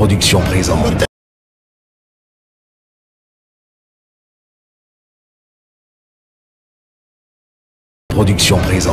Production présente. Production présente.